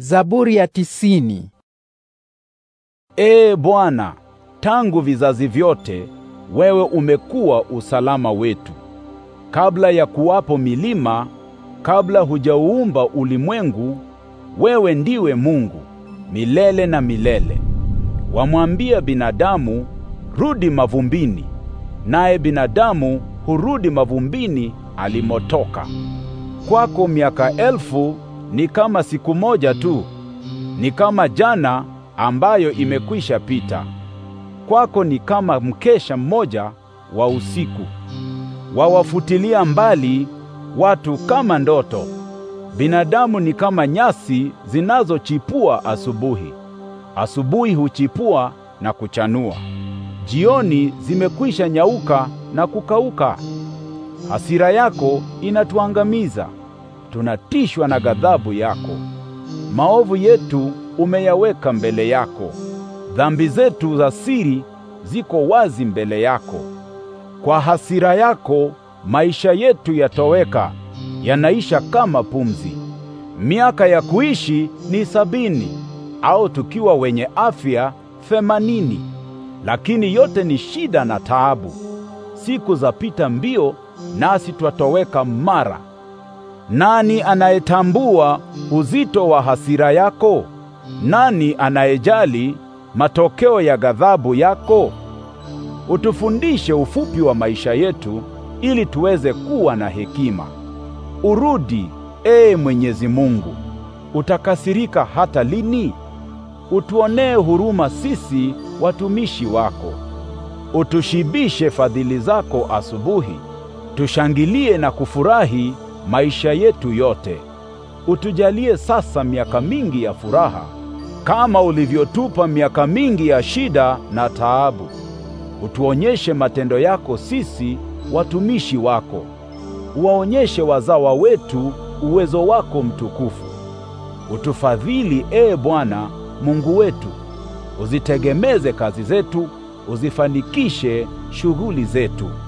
Zaburi ya tisini. Ee Bwana, tangu vizazi vyote wewe umekuwa usalama wetu. Kabla ya kuwapo milima, kabla hujauumba ulimwengu, wewe ndiwe Mungu milele na milele. Wamwambia binadamu, rudi mavumbini, naye binadamu hurudi mavumbini alimotoka. Kwako miaka elfu ni kama siku moja tu, ni kama jana ambayo imekwisha pita. Kwako ni kama mkesha mmoja wa usiku. Wawafutilia mbali watu kama ndoto. Binadamu ni kama nyasi zinazochipua asubuhi. Asubuhi huchipua na kuchanua, jioni zimekwisha nyauka na kukauka. Hasira yako inatuangamiza, tunatishwa na ghadhabu yako. Maovu yetu umeyaweka mbele yako, dhambi zetu za siri ziko wazi mbele yako. Kwa hasira yako maisha yetu yatoweka, yanaisha kama pumzi. Miaka ya kuishi ni sabini, au tukiwa wenye afya themanini, lakini yote ni shida na taabu. Siku zapita mbio, nasi twatoweka mara. Nani anayetambua uzito wa hasira yako? Nani anayejali matokeo ya ghadhabu yako? Utufundishe ufupi wa maisha yetu ili tuweze kuwa na hekima. Urudi, ee Mwenyezi Mungu. Utakasirika hata lini? Utuonee huruma sisi watumishi wako. Utushibishe fadhili zako asubuhi. Tushangilie na kufurahi maisha yetu yote. Utujalie sasa miaka mingi ya furaha kama ulivyotupa miaka mingi ya shida na taabu. Utuonyeshe matendo yako sisi watumishi wako. Uwaonyeshe wazawa wetu uwezo wako mtukufu. Utufadhili, ee Bwana Mungu wetu, uzitegemeze kazi zetu, uzifanikishe shughuli zetu.